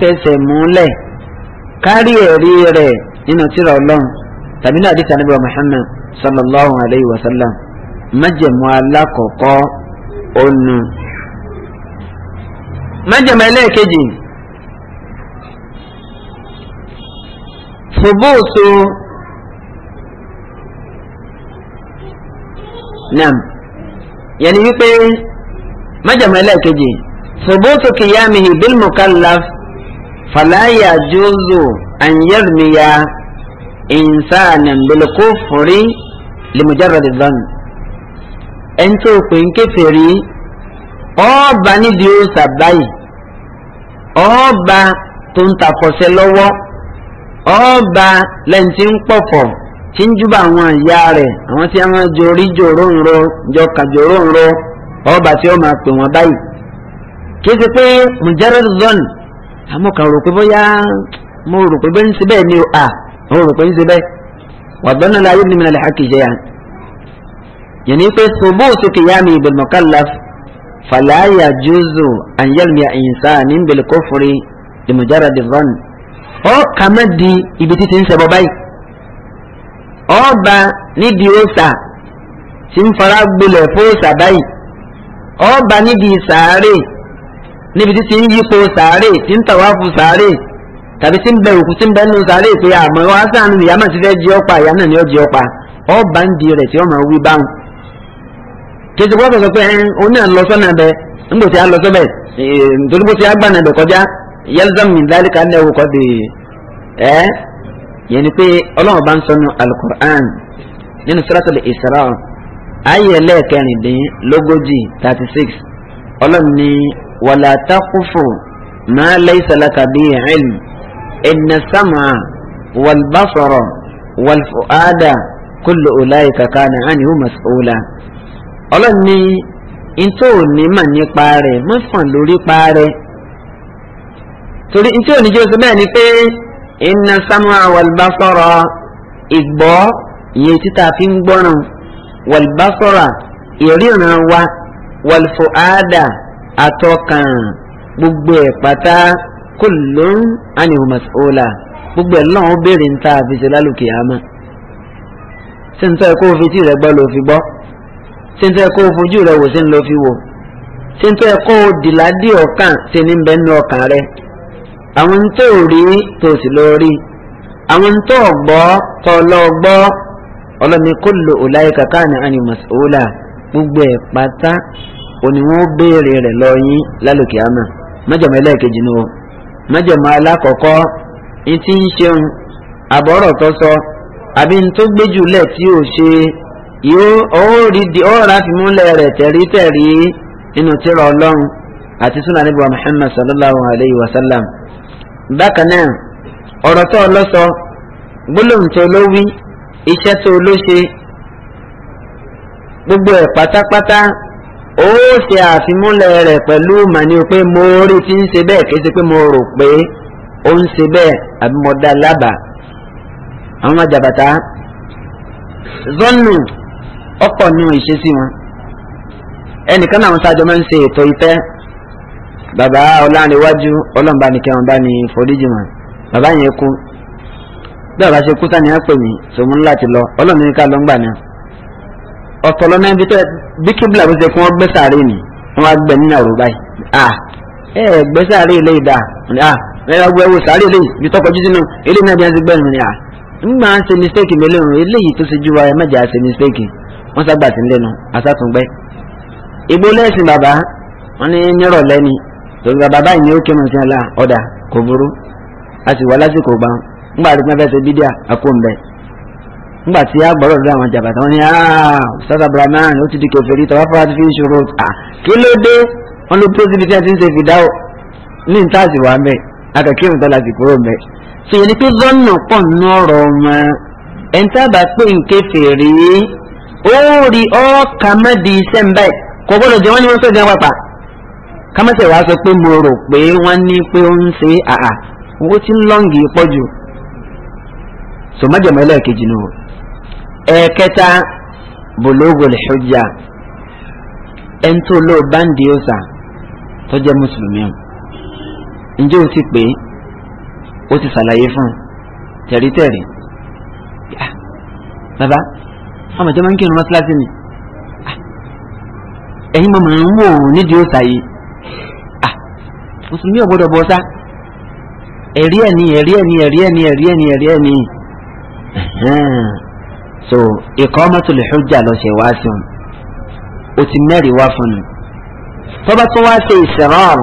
fẹsẹ̀ múlẹ̀ kárí ẹ̀rí rẹ̀ nínú tírà ọlọ́run tàbí náà àdìsá níbi Muhammad sallallahu alayhi wa sallam májẹ̀mú alákọ̀ọ́kọ́ ọ̀nù. májẹ̀mú ẹlẹ́ẹ̀kejì fòbóòsó nam yẹni wípé májẹ̀mú ẹlẹ́ẹ̀kejì fòbóòsó kìyàmìhì bil mukallaf fàlàyà jùzù ànyẹ́rìmíyà ìnsànà bìlìkó fúri lèmùjáradì zan ẹni tó pè ń kèfèrí ọba nídìí ó sàbáyì ọba tó ń takọ̀sẹ́ lọ́wọ́ ọba lẹ́yìn tí ń pọ̀fọ̀ tí ń júbà àwọn ìyá rẹ̀ àwọn tí wọ́n jorí jòróǹro jọkà jòróǹro ọba tí ó máa pè wọ́n báyìí kí ti pé mùjáradì zan àmọ́ kàn rò pé bóyá mo rò pé bẹ́ẹ̀ ń ṣe bẹ́ẹ̀ ni o à mo rò pé ń ṣe bẹ́ẹ̀ wà gbọ́n náà láyé nìmínà lẹ́hàkì jẹ́ yàn. yẹ̀ni pé sobó sókè yá mi ìbẹ̀rù mọ̀kànlá fàlàyà jùzù àyẹ̀lmìà ìyìnsá ní ìbẹ̀lẹ̀ kófòrè ìmọ̀jára dìvọ́n. ọ kà má di ibi títí ń ṣẹbọ báyìí. ọba nídìí òòsà tí ń fara gbolẹ̀ fóòsà báyìí. ọba nídìí sàárè níbi tí ti ń yípo sàárè tí ń tàwáfù sàárè tàbí tí ń bẹ òkú tí ń bẹ nínú sàárè pé àmọ́ wá sáànù ìyá máa ti fẹ́ jẹ ọ́pá ìyá náà ni ó jẹ ọ́pá ọba ń di rẹ̀ tí ó máa wí báwọn. kejì gbọ́dọ̀ sọ pé òun náà lọ sọ́nà bẹ nígbà tí a lọ sọ́bẹ̀ nítorí bó ti á gbàna bẹ̀ kọjá yẹlẹsàn mi dálí kan lẹ́wọ̀ kọ́ de ẹ́ yẹn ni pé ọlọ́run ولا تقف ما ليس لك bihi ilm inna sama walbasara walfuada kullu ulaika kana anhu mas'ula ọlọ́ni ntí ò ní mà nípa rẹ̀ má fàn lórí pa rẹ̀ torí ntí ò ní jẹ́ oṣù bẹ́ẹ̀ ni pé inna sama walbasara ìgbọ́ ìyẹn títà fi ń gbọ́ràn walbasara ìríran wa walfuada atọ́kàn gbogbo ẹ̀ pátá kò lóun ànihò mọ̀sọ́lá gbogbo ẹ̀ lọ́wọ́ béèrè ń ta àfẹsẹ̀ lálùkì àmọ́ ṣé ń tọ́ ẹ kó o fi tí rẹ gbọ́ ló fi gbọ́ ṣé ń tọ́ ẹ kó o fojú rẹ wò sí ń lọ fi wò ṣé ń tọ́ ẹ kó o dìládì ọ̀kan ṣe àwọn tó rí tó sì lọ rí àwọn tó gbọ́ tó lọ gbọ́ ọlọ́ni kò lò ó láyé kàkà ní ànihò mọ̀sọ́lá gbogbo ẹ̀ pátá òní wọn ó béèrè rẹ̀ lọ yín lálùkì àmà májàmá ẹlẹ́ẹ̀kejì ni o májàmá alákọ̀ọ́kọ́ ní ń ṣeun àbọ̀rọ̀ tó sọ àbí ní tó gbé jùlẹ̀ tí ò ṣe yóò rẹ̀ tẹ̀rítẹ̀rí nínú ọlọ́run àti súnà níbi wa sallallahu alayhi wa sallam bákan náà ọ̀rọ̀ tó gbólóhùn tó ló wí gbogbo ẹ̀ pátápátá ó ṣe àfimúlẹ̀ rẹ̀ pẹ̀lú màní pé mo rí ti ń ṣe bẹ́ẹ̀ kéṣe pé mo rò pé ó ń ṣe bẹ́ẹ̀ àbí mo dá lábàá àwọn ọmọ jàbàtà zọ́nù ọ̀pọ̀ nù ìṣesí wọn ẹnìkan náà wọn sáájọ máa ń ṣe ètò ìfẹ́ bàbá ọlánrewájú ọlọ́mba ni kẹwọn bá ní foríjì wọn bàbá yẹn kú bí bàbá ṣe kú sani ẹ pè mí sòmù ti lọ ọlọ́run ló ń gbà náà. ọtọlọ náà bí tẹ́ bí kíbla bó ṣe kí wọ́n gbé ni wọ́n á gbẹ nínú àrò báyìí à ẹ gbé sàárè ilé ìdá à ẹ gbé ilé ibi tọkọ jíjí nù ilé náà bí wọ́n ti gbẹ́ ni à ń ṣe mistake mélòó eléyìí tó ṣe ju wa ẹ mẹ́jọ á ṣe mistake sá gbà sí lẹ́nu lẹ́sìn bàbá wọn ní nírọ̀lẹ́ ni bàbá báyìí ni ó ọ̀dà kò nígbà tí agbọ̀rọ̀ lórí àwọn jàbàtà wọn ni ah, sasa brahman ó ti di kẹfẹ́rí tọ́wọ́ fún àti fi ṣòro à ah, kí wọn ló tó síbi tí a ti ní ìtaàsì wa mẹ akẹ́kẹ́ ìwọ̀n tọ́lá sì kúrò mẹ. sèyí ni pé zọ́nà pọ̀ nínú ọ̀rọ̀ ọmọ ẹ̀ ń tábà pé nkẹfẹ́rí ó rí ọ̀ọ́kà mẹ́di iṣẹ́ ń báyìí kò gbọ́dọ̀ jẹ́ wọ́n ní wọ́n sọ gan pàpà kámẹ́sẹ̀ wàá sọ pé mo rò pé wọ́n ní pé ó ń ṣe àà owó tí ń lọ́ǹgì pọ̀ jù sòmájọ̀mọ́ ẹlẹ́ẹ̀kejì nù ẹ̀ẹ̀kẹta bulugul hujja ẹ̀ńtò ló báńdì ọ̀sà tó jẹ́ mùsùlùmí o ǹjẹ́ o ti pè é o ti ṣàlàyé fún un tẹ̀rítẹ̀rí ah, bàbá ọmọ ìjọba ń kírun mọ́sálásí ni ah, ẹ̀yin mọ̀mọ́ ń wò ó nídìí ọ̀sà yìí ah, mùsùlùmí ò gbọ́dọ̀ bọ́ sá ẹ̀rí ẹ̀ ni ẹ̀rí ẹ̀ ni ẹ̀rí ẹ̀ ni ẹ̀rí ẹ̀ ni ẹ̀rí ẹ̀ ni so iqamatul hujja lọ ṣe wá sí un o ti mẹ́rin wá fún un tọ́ba tó wá ṣe ìṣẹ̀rọ̀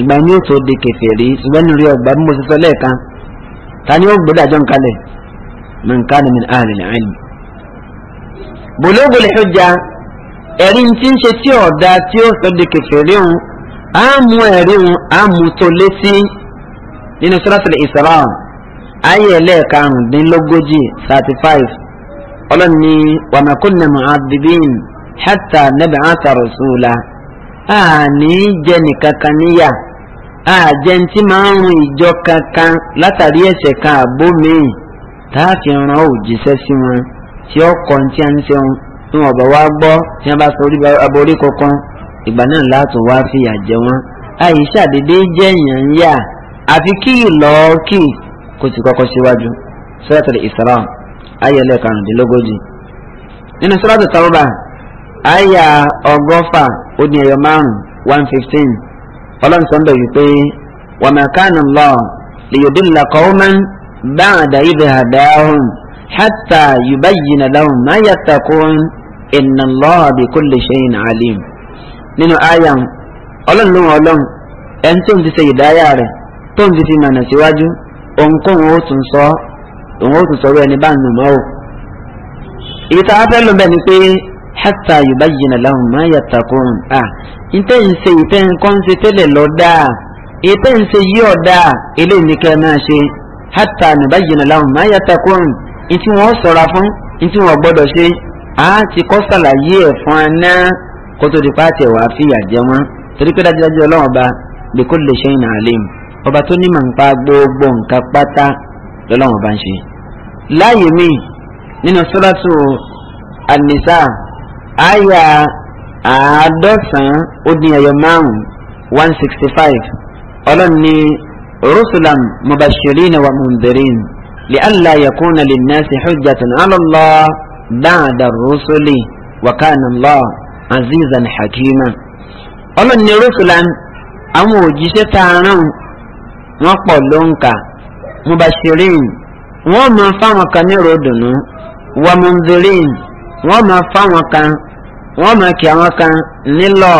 ìgbà ní òtò di kẹfẹ́rí ṣùgbọ́n nínú rí ọgbà bí mo ṣe sọ lẹ́ẹ̀kan ta ni ó gbọ́dọ̀ àjọ nkalẹ̀ man kana min ahli al-ilm. bulugul hujja ẹ̀rí tí ń ṣe tí ọ̀dà tí ó sọ di kẹfẹ́rí òun á mú ẹ̀rí òun á mú tó létí nínú suratul Isra ayé ẹlẹ́ẹ̀karùndínlógójì thirty five ọlọ́ni wàmẹ́kúnnà mu'adibin hatta nabi ata rasula àní jẹ́ nìkankan níyà àjẹntì máa ń rún ìjọ kankan látàrí ẹ̀ṣẹ̀ kan àbó míì táàfin ran òjíṣẹ́ sí wọn tí ó kọ́ tí a ń ṣeun tí wọn bá wá gbọ́ tí wọn bá sori aborí kankan ìgbà náà láti wá fìyà jẹ wọn àyíṣà dédé jẹ́ èèyàn ń yà àfi kí ìlọ́ọ̀kì kò sì kọ́kọ́ síwájú Suratul Isra ayẹlẹ karùndínlógójì nínú sọ́dọ̀tì tọ́ba àyà ọgọ́fà ó ní ẹ̀yọ márùn one fifteen ọlọ́run sọ́ndọ̀ yìí pé wàmẹ̀kánù lọ lèyọ̀dúnlá kọ́ọ́mán báàdà ibẹ̀ àdáhùn hátà yùbáyìnà láhùn má yàtàkùn ìnà lọ́ọ̀bì kò lè ṣe ìnà àlìm. nínú àyà ọlọ́run ló wọn ọlọ́run ẹni tó ń ti ṣe ìdáyà rẹ̀ tó ń ti fi mànà síwájú òǹkóhun ó tún sọ òun ó sì sọ̀rọ̀ ẹni bá ń lò mọ́ o. èyí tá a fẹ́ lò bẹ́ẹ̀ ni pé hatta yubayyina lahum ma yattaqun à ìtẹ́ ń ṣe ìtẹ́ ń kọ́ ń ṣe tẹ́lẹ̀ lọ dáa ìtẹ́ ń ṣe yí ọ̀dà eléyìí ni kẹ́ máa ṣe hatta yubayyina lahum ma yattaqun ìtí wọ́n sọ̀ra fún ìtí wọ́n gbọ́dọ̀ ṣe á ti kọ́ sàlàyé ẹ̀ fún ẹ náà kó tó di pàtì wàá fìyà jẹ wọn torí pé dájúdájú ọlọ́run ọba bi kulli shay'in alim ọba tó ní màǹpa gbogbo nǹkan pátá lọ́lọ́wọ́n bá ń ṣe. láàyè mi nínú sọ́dọ̀tù ànísà àyà àádọ́sàn-án ó dín ẹyọ márùn-ún one sixty five ọlọ́run ní rusulam mubashirin wa mundirin li alla yakuna linnasi hujjatan ala Allah ba'da rusuli wa kana Allah azizan hakima ọlọ́run ní rusulam àwọn òjíṣẹ́ tààràn wọn pọ̀ ló mubashirin wọ́n máa fáwọn kan ní ròdùnú wa munzirin wọ́n máa fáwọn kan wọ́n máa kí àwọn kan nílọ̀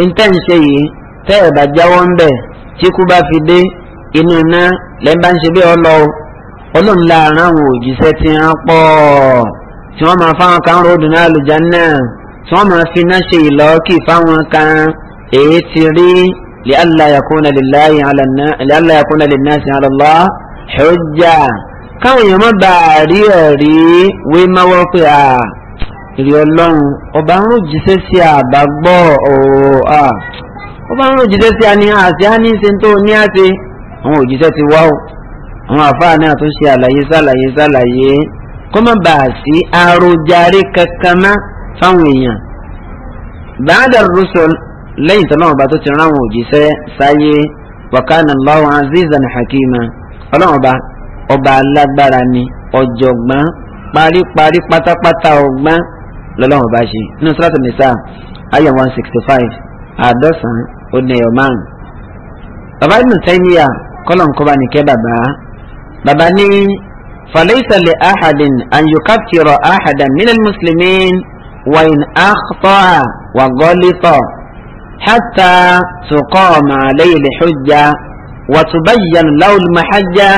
ìntẹ́ǹṣe yìí tẹ́ ẹ̀ bá jáwọ́ ń bẹ̀ tí kú bá fi dé inú iná lẹ́ńbà ń ṣe bí ọlọ́ ọlọ́run láàrin àwọn òjíṣẹ́ tí wọ́n pọ̀ tí wọ́n máa fáwọn kan ròdùnú àlùjánnà tí wọ́n máa fi iná ṣe ìlọ́kì fáwọn kan èyí ti rí li alla yakuna lillahi ala nna li alla yakuna linnasi ala Allah hujja káwọn èèyàn má bàa rí ẹ̀rí wé máwọ́ pé à ìrì ọlọ́run ọba ń ròjìṣẹ́ sí àbágbọ́ ọ̀ọ́ à ọba ń ròjìṣẹ́ sí àní àti àní ṣe tó ní àti àwọn òjìṣẹ́ ti wá o àwọn àfáà náà tó ṣe àlàyé sàlàyé sàlàyé kó má bàa sí àròjàre kankan ná fáwọn èèyàn bàádà rúṣọl lẹ́yìn tó náà ọba tó ti rán àwọn òjìṣẹ́ sáyé wàkánà Allahu azizan hakima ọlọ́run ọba ọba alágbára ni ọ̀jọ̀gbọ́n paríparí pátápátá ọgbọ́n lọ́lọ́run ọba ṣe nínú sọ́tò nìsa ayọ̀ one sixty five àádọ́sán ó ní ẹ̀yọ̀ márùn. bàbá inú tẹ́yìnìyà kọ́lọ̀nkọ́ba nìkẹ́ bàbá bàbá ní falaisale ahadin an yukaftiro ahadan minal muslimin wa in akhtaa wa ghalita hatta tuqama alayhi hujja. وتبين له المحجة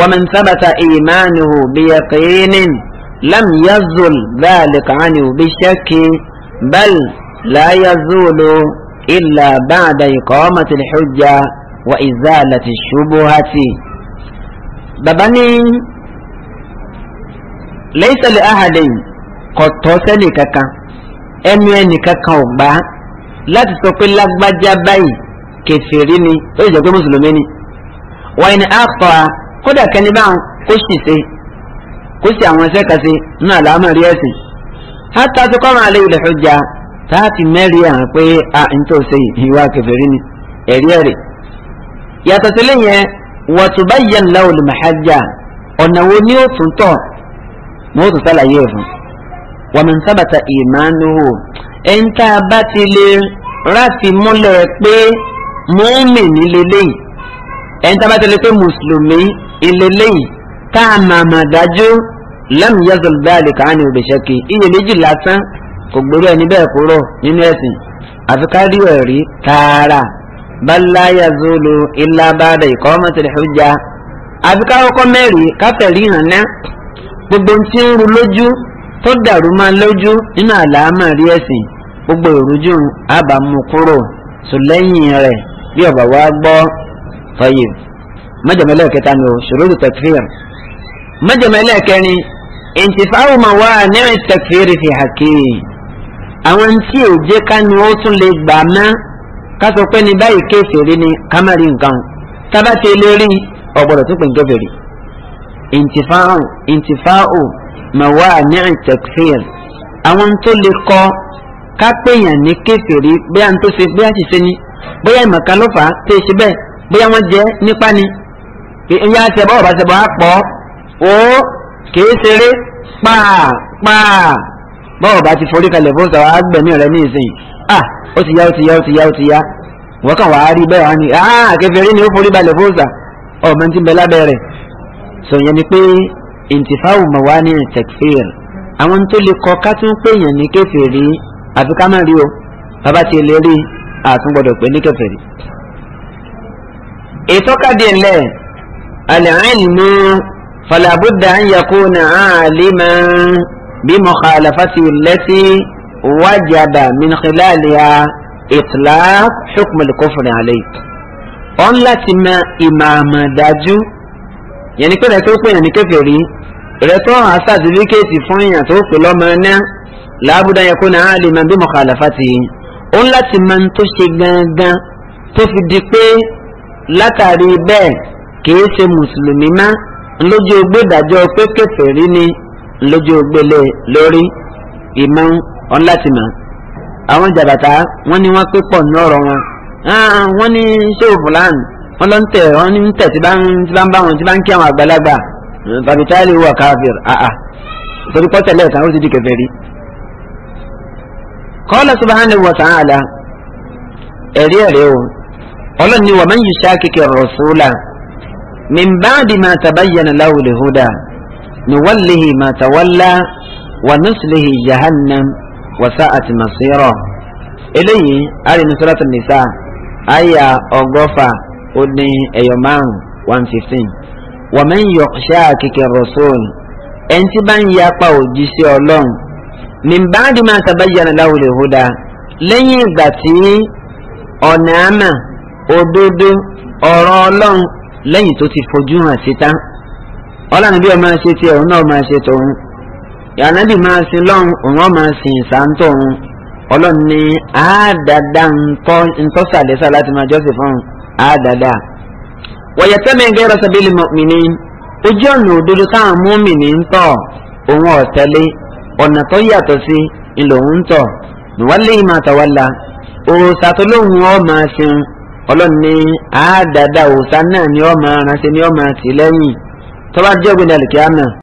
ومن ثبت إيمانه بيقين لم يزل ذلك عنه بالشك بل لا يزول إلا بعد إقامة الحجة وإزالة الشبهة ببني ليس لأحد قد توسني ككا أمي أني ككا وبا لا تسوقي لك بجا بي kẹfìrí ni ó lè jẹ́ pé mùsùlùmí ni wọ́n ní àpọ̀ a kódà kẹni bá kó sì ṣe kó sì àwọn ẹsẹ̀ kan ṣe náà làámà rí ẹ̀sìn hátà tó kọ́ máa ilẹ̀ tó táàtì mẹ́rin àwọn pé a ń tó ṣe ìwà kẹfìrí ni ẹ̀rí ẹ̀rí yàtọ̀ sílẹ̀ yẹn wọ́túbá yẹn lọ́wọ́ lè màhájà ọ̀nà wo ni ó tún tọ̀ mo tún sálàyé ẹ̀ fún wa man sabata ìmánuhu ẹ̀ ń tá a bá ti lè ráàfin múlẹ̀ pé mọ́ọ́mì ní lélẹ́yìn ẹni tá a bá tẹ̀lé pé mùsùlùmí ìlélẹ́yìn tá a máa máa dájú lam yazal dhalika anhu bi shakki iyèméjì lásán kò gbèrú ẹni bẹ́ẹ̀ kúrò nínú ẹ̀sìn àfi kárí ẹ̀rí tààrà bal la yazulu illa ba'da iqamatil hujja àfi káwọ́kọ́ mẹ́rin káfẹ́rí gbogbo tí ń ru lójú tó dàrú máa lójú nínú àlàámà rí ẹ̀sìn gbogbo ìrújú àbámu kúrò sùn bí ọba wa gbọ́ tọ́yì májàmú ẹlẹ́ẹ̀kẹta ni o ṣòro takfir májàmú ẹlẹ́ẹ̀kẹrin ìntìfáwò máa wá nírìn takfir fi hàkì àwọn tí èjé ká ni ó tún lè gbà mọ́ ká sọ pé ní báyìí kèfèrí ni ká má rí nǹkan tábà tí ilé rí ọ̀gbọ̀dọ̀ tó pè ń kèfèrí ìntìfáwò ìntìfáwò máa wá nírìn takfir àwọn tó lè kọ ká pèèyàn ní kèfèrí bí à ń tó ṣe bí à ti ṣe ní bóyá ìmọ̀kan ló fà á tí ṣe bẹ́ẹ̀ bóyá wọ́n jẹ́ nípa ni ìyá àtẹ̀bọ̀ ọ̀bà àtẹ̀bọ̀ á pọ̀ ó kìí ṣeré pàà pàà bọ́ọ̀ bá ti forí kalẹ̀ fún sọ̀rọ̀ àgbẹ̀mí rẹ̀ ní ìsìn ah ó ti yá ó ti yá ó ti yá ó ti yá wọ́n kàn wàá rí bẹ́ẹ̀ wá ní ah kèfèrí ni ó forí balẹ̀ fún sà ọmọ tí ń bẹ lábẹ́ rẹ̀ sọ yẹn ni pé ìntìfáwù mọ̀ wá ní takfir àwọn tó lè kọ ká tún pé èèyàn ní kèfèrí àfi ká má rí o bàbá ti lè rí i àtúngbọ́dọ̀ pé ní kèfèrí. ìtọ́kadì ńlẹ̀ al-ilmu fala budda an yakuna aliman bi mukhalafati allati wajaba min khilaliha itlaq hukm al-kufr alayhi. ọ̀n láti mọ ìmàmà dájú yẹn ni pé rẹ̀ tó pè yàn ní kèfèrí rẹ̀ tó hàn sátifíkẹ́ẹ̀tì fún yàn tó pè lọ́mọ náà láàbùdá yakuna aliman bi mukhalafati òun láti mọ ohun tó ṣe gangan tó fi di pé látàrí bẹ́ẹ̀ kìí ṣe mùsùlùmí má lójú ogbé ìdájọ́ pé kèfèrí ni lójú ogbélé lórí ìmọ̀ òun láti mọ̀ àwọn jàbàtà wọ́n ní wọ́n pé pọ̀ ní ọ̀rọ̀ wọn wọ́n ní ṣéwù fúlàní wọ́n ń tẹ̀ wọ́n ní ń tẹ̀ tí bá ń bá wọn tí bá ń kí àwọn àgbàlagbà fàbítàlì wà káfíìr àà torí pọ́tẹ̀lẹ̀ ó ti di kèfèrí kọ́lá subhanahu wa ta'ala ẹ̀rí ẹ̀rí o ọlọ́run ni wa man yushaqiqi ar-rasula min ba'di ma tabayyana lahu al-huda nuwallihi ma tawalla wa nuslihi jahannam wa sa'at masira eléyìí arinu sọ́látù nìsa àyà ọgọ́fà ó ní ẹ̀yọ̀ márùn one fifteen wa man yushaqiqi ar-rasul ẹni tí bá ń yapa òjíṣẹ́ ọlọ́run mìbáàdì máa tabayyana lahu al-huda lẹ́yìn ìgbà tí ọ̀nà àmà òdodo ọ̀rọ̀ ọlọ́run lẹ́yìn tó ti fojú hàn síta ọlọ́run bí ọmọ ṣe tiẹ̀ òun náà máa ṣe tòun yànnàbì máa sin lọ́run òun máa sin ìsàntò òun ọlọ́run ní àádáadáa ntọ́sàlẹ́sà láti máa jọ́sìn fún un àádáadáa. wọ̀yẹ̀tẹ́mi ghayra sabili mu'minin ojú ọ̀nà òdodo táwọn mùmínì ń tọ̀ òun ọ̀tẹ́lẹ́ ọ̀nà tó yàtọ̀ sí ìlòhùn tọ̀ níwálé ìmọ̀ àtàwálà òòsà tó lóhùn ọ́ máa ṣeun ọlọ́run ní àádáadáa òòsà náà ni ọ́ máa ni ọ́ tì lẹ́yìn tọ́ba jẹ́ ògbìn àlùkìyàmà